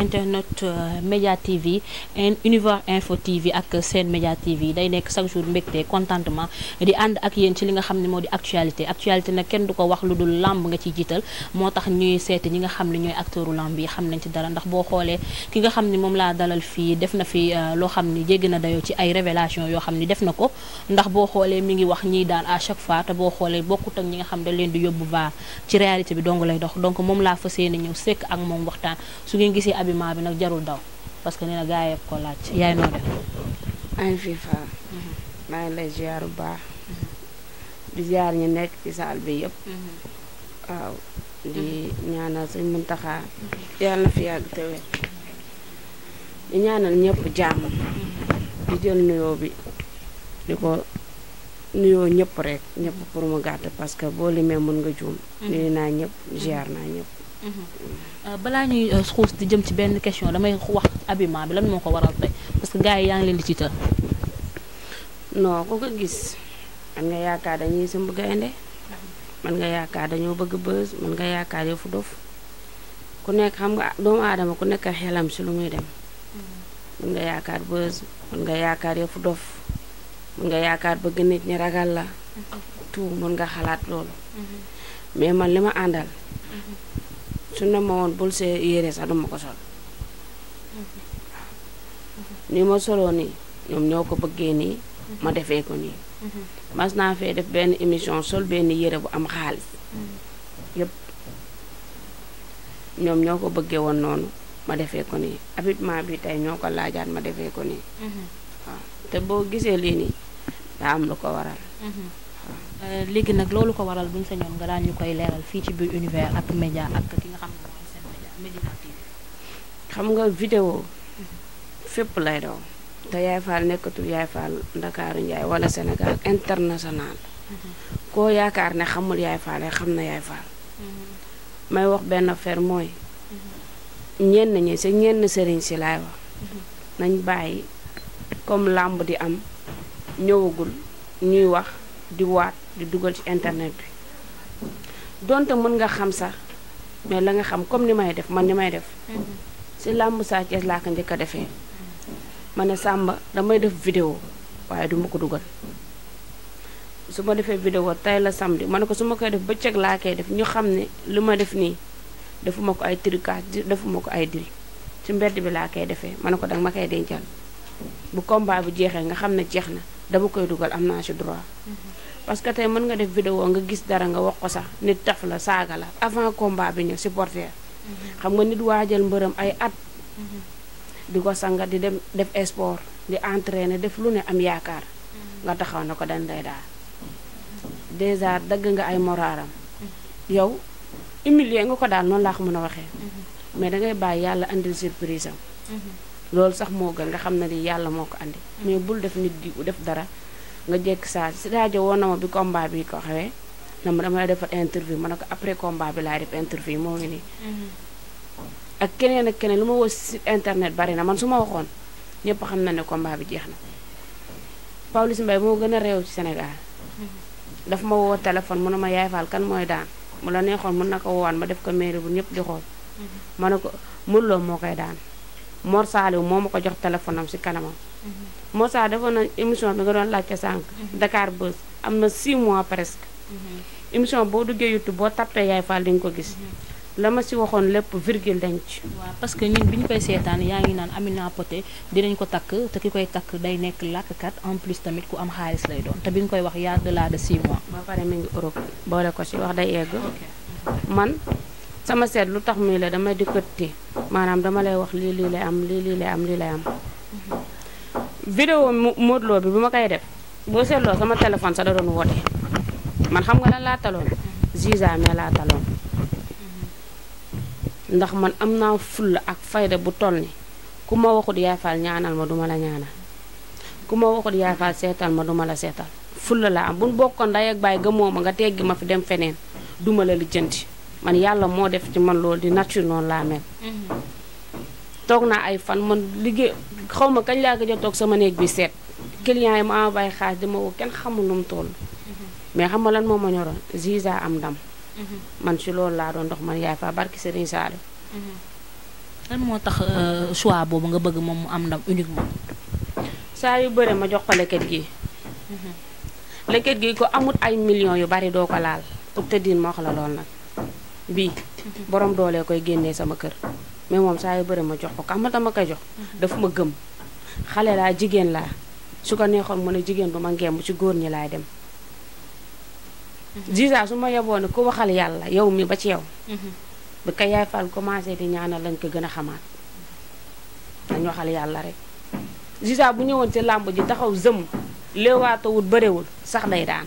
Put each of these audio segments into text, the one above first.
internet euh, Média TV Univers Info TV ak seen Média TV day nekk chaque jour mbégte contentement di ànd ak yéen ci li nga xam ne moo di actualité actualité nag kenn du ko wax lu dul làmb nga ci jiital moo tax ñuy seeti ñi nga xam ne ñooy acteur làmb yi xam nañ ci dara ndax boo xoolee ki nga xam ni moom laa dalal fii def na fi euh, loo xam ne jéggi na dayoo ci ay révélation yoo xam ni def na ko ndax boo xoolee mi ngi wax ñiy daal à chaque fois te boo xoolee bokkut ak ñi nga xam da leen di yóbbu vaar ci réalité bi dong lay dox donc moom laa fas yéene ñëw ak moom waxtaan su habillement bi nag jarul daw parce que nee na gaa yëpp ko laaj yaay noo def. maa ngi fi ngi lay ziar bu baax di ziar ñi nekk ci saal bi yëpp. waaw di ñaanal suñ Muntaxa yàlla na fi yàgg te wér di ñaanal ñëpp jàmm di jël nuyoo bi di ko nuyoo ñëpp rek ñëpp pour mu gàtt parce que boo limee mën nga juum nuyu naa ñëpp ziar naa ñëpp Euh, balaa ñuy euh, xuus di jëm ci benn question damay wax habillement bi lan moo ko waral tey parce que gars yi yaa ngi leen di tiital. non ku ko gis man nga yaakaar dañuy sëmb gaynde man nga yaakaar dañoo bëgg bës man nga yaakaar yëfu dof nekk xam nga doomu aadama ku nekk xelam si lu muy dem. mën yaakaar nga yaakaar yëfu dof mën nga yaakaar bëgg nit ñi ragal la tout mën nga xalaat loolu mhm. mais man li ma àndal su ne ma woon bul see yére sax duma ko sol ni ma soloo nii ñoom ñoo ko bëggee nii ma defee ko nii mas naa fee def benn émission sol benn yére bu am xaalis yëpp ñoom ñoo ko bëggee woon noonu ma defee ko nii habillement bi tey ñoo ko laajaat ma defee ko nii mm-hmm. te boo gisee lii nii daa am lu ko waral mm-hmm. Euh, léegi nag loolu ko waral buñ sañoon nga daan ñu koy leeral fii ci biir univers ak média ak ki nga xam nga vidéo fépp lay daw te Yaay Fall nekkatul Yaay Fall Ndakaaru Njaay wala Sénégal international mhm. koo yaakaar ne xamul Yaay Fall xam na Yaay Fall mhm. may wax benn affaire mooy mhm. ñenn ñi si ñenn sëriñ si laay wax nañ bàyyi comme làmb di am ñëwagul ñuy wax di waat di dugal ci internet bi donte mën nga xam sax mais la nga xam comme ni may def man ni may def ci mhm. lamb sa ci la ko ndika defé mané samba damay def vidéo waye du ma ko dugal suma defé vidéo tay la samedi mané ko suma koy def bëccëg la kay def ñu xam ni luma def ni defuma ko ay trucat defuma ko ay dir ci mbedd bi la kay defé ma ko danga ma dencal bu combat bu jexé nga xam na dama koy dugal am naa ci droit. parce que tey mën nga def vidéo nga gis dara nga wax ko sax nit taf la saaga la avant combat bi ñu supporter. xam nga nit jël mbërëm ay at. di ko sanga di dem def sport di ne def lu ne am yaakaar. nga taxaw na ko dañ lay daal. déjà dagg nga ay moraaram. yow humilier nga ko daal noonu laa ko mën a waxee. mais dangay bàyyi yàlla andil surprise am. loolu sax moo gën nga xam ne lii yàlla moo ko andi mais bul def nit di def dara nga jekk saa si rajo woon na bi combat bi ko xawee na ma damay defal interview ma ne ko après combat bi laay def moo ngi nii. Mm-hmm. ak keneen ak keneen lu ma woo si internet bari na man su ma waxoon ñëpp xam na ne combat bi jeex na. Pawlish Mbaye moo gën a réew ci Sénégal. Mm-hmm. daf ma woo téléphone mu ne ma yaay faal kan mooy daan mu la neexoon mën na ko wowaan ma def ko mairie bu ñëpp di xool. Mm-hmm. ma ne ko mënuloo moo koy daan. Mor Saliou moo ma ko jox téléphone am si kanamam. Mor Saliou defoon na émission bi nga doon laajte sànq. dakaar Buzz am na 6 mois presque. émission boo duggee YouTube boo tapte Yaay Fall di nga ko gis. la ma si waxoon lépp virgule denc ci. waaw parce que bi ñu koy seetaan yaa ngi naan Amina Poté dinañ ko takk te ki koy takk day nekk kat en plus tamit ku am xaalis lay doon te bi ñu koy wax yaa de la de 6 mois. ba pare mi ngi Europe boole ko si wax day yegg man. sama seet lu tax muy la dama di këtti maanaam dama lay wax lii lii lay am lii lii lay am lii lay am. vidéo bi bu ma koy def boo seetloo sama téléphone sa da doon woote man xam nga lan laa taloon Zizame laa ndax man am naa fulla ak fayda bu toll ni ku ma waxut yaay ñaanal ma duma la ñaanal ku ma waxut yaay seetal ma duma la seetal ful la am bu nu bokkoon ndey ak baay gëmoo ma nga teggi ma fi dem feneen duma la lijjanti. man yàlla moo def ci man loolu di nature noonu laa mel. Mhm. toog naa ay fan man liggéey xaw ma kañ laa gëj a toog sama néeg bi seet. clients ma envoyé xaalis dama ko kenn mhm. mais xam nga lan moo ma ñoroon Ziza am ndam. Mhm. man ci loolu laa doon dox fa barki Serigne moo tax euh, choix boobu nga bëgg moom mu am ndam uniquement. yu bëre ma jox ko leket gi. leket ko amut ay millions yu bari doo ko laal pour te diin ma wax la lool nag. bii borom doolee koy génnee sama kër mais moom saa yu bëri ma jox ko xam nga dama koy jox mhm. dafa ma gëm xale laa jigéen laa su ko neexoon mu ne jigéen bu ma mu ci góor ñi laay dem mhm. déjà su ma yeboon ne ku waxal yàlla yow mi ba ci yow mhm. bi ko yaay fal commencé di ñaanal lañ ko gën a xamaat dañ waxal yàlla rek déjà bu ñëwoon ci làmb ji taxaw zëm léewaatawul bëriwul sax day daan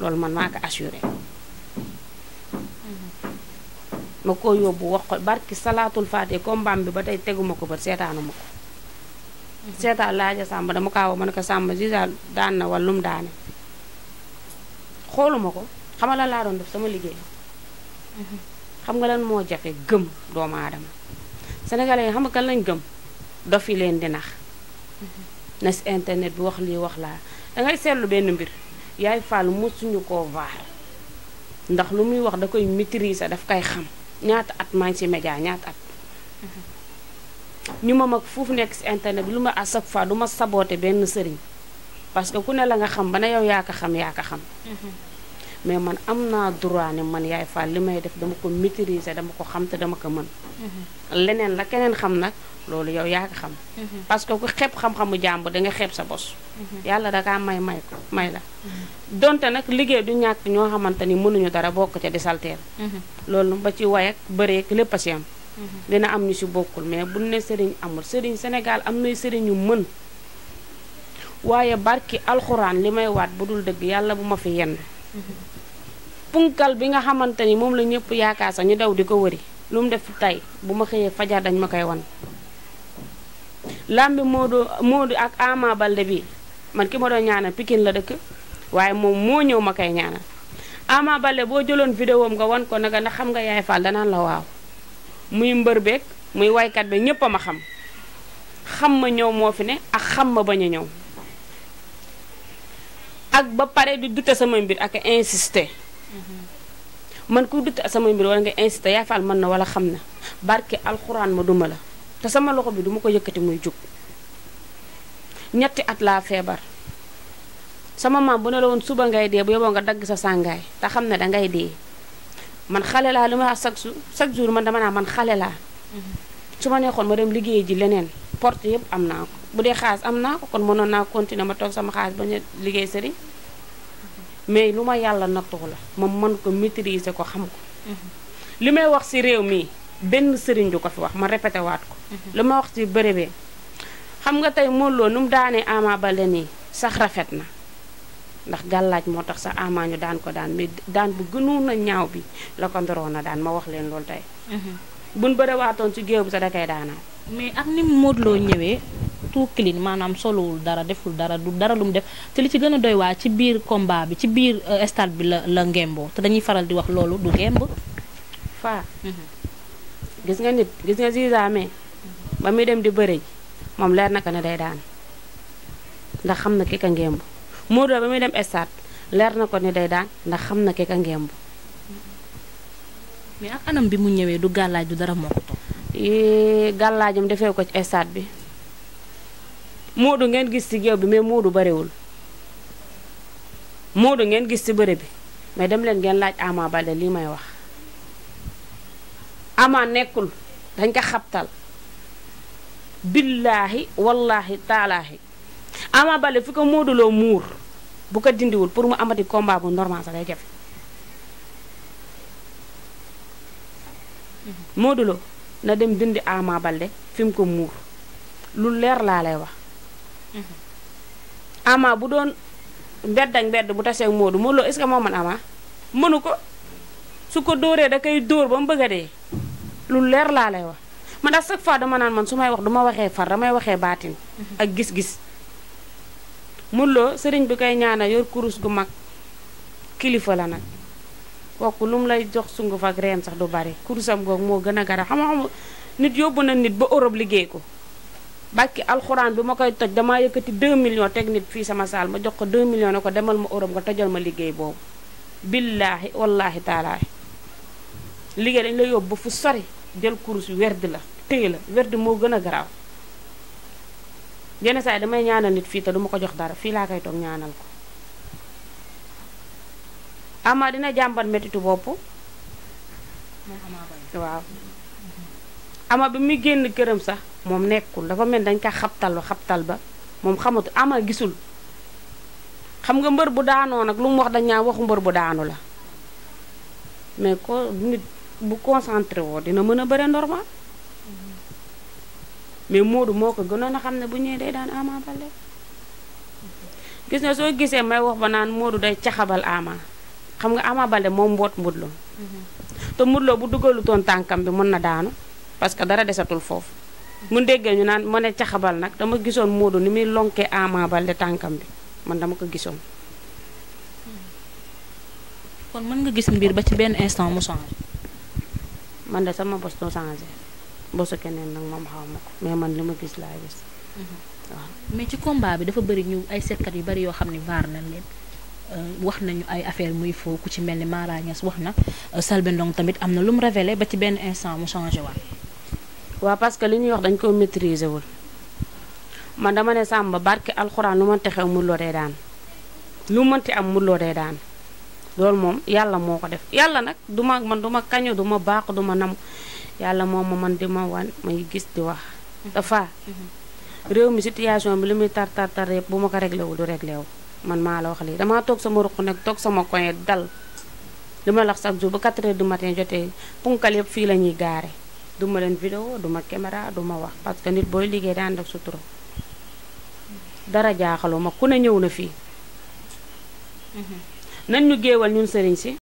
loolu man maa ko assuré ma ko yóbbu wax ko barki salaatul faate ko mbaam bi ba tey teguma ko bët seetaanu ma ko mm-hmm. seetaan laaja sàmba dama kaaw ma ne ko sàmba Ziza daan na wala lum daane xooluma ko xama lan laa doon def sama liggéey mm-hmm. xam nga lan moo jafe gëm doomu aadama sénégalais xam nga kan lañ gëm dof yi leen di nax mm-hmm. na si internet bi wax lii wax laa dangay seetlu benn mbir yaay fàll mosuñu koo vaar ndax lu muy wax da koy maîtriser daf koy xam ñaata at maa ngi ci média ñaata at ñu ma mag foofu nekk ci internet bi lu ma à chaque fois duma saboote benn sëriñ parce que ku ne la nga xam ba na yow yaa ko xam yaa ko xam mais man am naa droit ne man yaay Fall li may def dama ko maîtriser dama ko xam te dama ko mën. Mhm. leneen la keneen xam nag loolu yow yaa ko xam. Mhm. parce que ku xeeb xam-xamu jàmbur da nga xeeb sa bos. Mhm. yàlla da kaa may may ko may la. donte nag liggéey du ñàkk ñoo xamante ni mënuñu dara bokk ca di salteel. loolu ba ci way ak bëree ak lépp si am. dina am ñu si bokkul mais bu ne sëriñ amul sëriñ Sénégal am nay sëriñ yu mën. waaye barki alxuraan li may waat bu dul dëgg yàlla bu ma fi yenn. Mm-hmm. punkal bi nga xamante ni moom la ñëpp yaakaar sax ñu daw di ko wëri lu mu def tey bu ma xëyee fajar dañ ma koy wan làmbi Modou Modou ak Ama Balde bi man ki ma doon ñaanal Pikine la dëkk waaye moom moo ñëw ma koy ñaanal Ama Balde boo jëloon vidéo nga wan ko naka ndax xam nga yaay Fall danaan la waaw muy mbër beeg muy waykat bi ñëpp a ma xam xam ma ñëw moo fi ne ak xam ma bañ a ñëw ak ba pare di dute samay mbir ak insister mm-hmm. man ku dute samay mbir wala nga insister yaa faal man na wala xam na barke alxuraan ma duma la te sama loxo bi duma ko yëkkati muy jóg ñetti at laa feebar sama maam bu ne la woon suba ngay dee bu yoboo nga dagg sa sàngaay te xam ne dangay dee man xale laa li ma wax jour man dama naa man xale laa mm-hmm. su ma neexoon ma dem liggéey ji leneen porte yëpp am naa ko bu khas, amna am ko kon mënoon naa continuer ma tok sama xaas baña liggéey mais luma yalla natou la mom man ko maîtriser ko xam ko limay wax ci réew mi ben sëriñ du ko fi wax ma répéter wat ko luma wax si berebe xam nga tay mooloo Ama baleni, sakrafetna, sax rafetna ndax galaj motax sa Ama daan ko daan mais daan bu gënoon a ñaaw bi la ko ndoroon a daan ma wax leen lol tay mhm. buñ bëre ci geewu sa da kay daana mais ak ni modlo ñëwé tout clean maanaam solowul dara deful dara du dara lu def te li ci gën a doy waa ci biir combat bi ci biir euh, stade bi la te dañuy faral di wax loolu du ngemb fa mhm. gis nga nit gis nga zisamee mhm. ba muy dem di bëre moom leer na ko ne day daan ndax xam na ki ka ngemb Modou ba muy dem stade leer na ko ne day daan ndax xam na ki ka ngemb mais ak anam bi mu du du dara ko ci stade bi Moodu ngeen gis ci géew bi mais Moodu barewul Moodu ngeen gis ci bëre bi mais dem leen ngeen laaj Ama Baldé lii may wax Ama nekkul dañ ko xabtal billaahi wallaahi taalaahi Ama Baldé fi ko Moodu Lo muur bu ko dindiwul pour mu amati combat bu normal sax day jafe Moodu Lo na dem dindi Ama Baldé fi mu ko muur lu leer laa lay wax Mm-hmm. ama bu doon mbedd ak mbedd bu tasee ak Modou Modou Lo est-ce que moo mën ama mënu ko su ko dóoree da koy dóor ba mu bëgga dee lu leer laa lay wax man daal chaque fois dama naan man su may wax du ma waxee far damay waxee baatin. Mm-hmm. ak gis-gis. mënuloo sëriñ bi koy ñaana yor kurus gu mag kilifa la nag kooku lu mu lay jox sunguf ak reen sax du bari kurusam googu moo gën a gara xam-xam nit yóbbu na nit ba Europe liggéey ko. barki alxuraan bi ma koy toj damaa yëkkati 2 millions teg nit fii sama saal ma jox ko 2 millions ne ko demal ma Europe nga tojal ma liggéey boobu. billaahi wallaahi taalaahi liggéey dañ la yóbbu fu sori jël kurus werd la téye la werd moo gën a garaaw yenn damay ñaanal nit fii te duma ko jox dara fii laa koy toog ñaanal ko. ama dina jàmbat métitu bopp. waaw. ama bi muy génn këram sax moom nekkul dafa mel dañ ko xaptal ba xabtal ba moom xamatu ama gisul xam nga mbër bu daanoo nag lu mu wax dañ naa waxu mbër bu daanu la mais ko nit bu concentré woo dina mën a bëre normal mais Modou moo ko gënoon a xam ne bu ñëwee day daan Ama Baldé gis nga soo gisee may wax ba naan Modou day caxabal Ama xam nga Ama Baldé moom mboot Modou Lo mm-hmm. te Modou Lo bu dugalutoon tànkam bi mën na daanu parce que dara desatul foofu mu déggee ñu naan ma ne caxabal nag dama gissone Modou ni mi lonké Ama de tankam bi man dama ko gissone kon mën nga giss mbir ba ci ben instant mu changé. man da sama bos doo changé bosu keneen nag moom xaw mais man lima giss gis giss gis. Mhm. mais ci combat bi dafa bari ñu ay seetkat yu bari yo xamni var vaar nañ leen. Euh, wax nañu ay affaire muy fo ku ci melni Mara Niass wax na euh, tamit am na lu mu ba ci ben instant mu changer waaw parce que li ñuy wax dañ ko maîtriser wul man dama ne sàmba barke alxuraan lu mënti xew Modou Lo day daan lu mënti am muloo Lo daan loolu moom yàlla moo ko def yàlla nag du ma man du ma kañu du ma baax du ma nam yàlla moom ma man di ma wan may gis di wax dafa réew mi situation bi lu muy tar tar tar yëpp bu ma ko réglé wu du réglé wu man maa la wax lii damaa toog sama ruq nag toog sama koñe dal lu ma lax chaque jour ba 4 heures du matin jotee punkal yëpp fii la ñuy gaare du ma leen vidéo du ma caméra du ma wax parce nit booy liggéey daan def sutura dara jaaxaloo ma ku ne ñëw na fii. Mm-hmm. nañ ñu géewal ñun sëriñ si